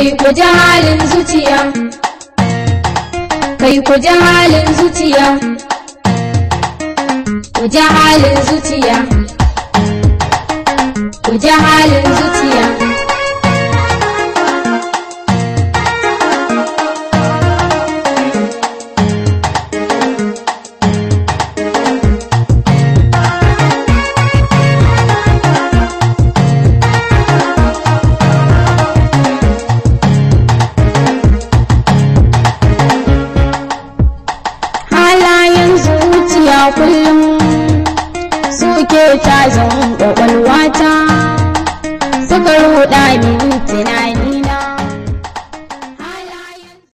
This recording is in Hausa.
kai ku ji halin zuciya kai ku ji halin zuciya ku ji halin zuciya ku ji halin zuciya kullum suke da ƙwaƙwalwata suka ruɗa min tunani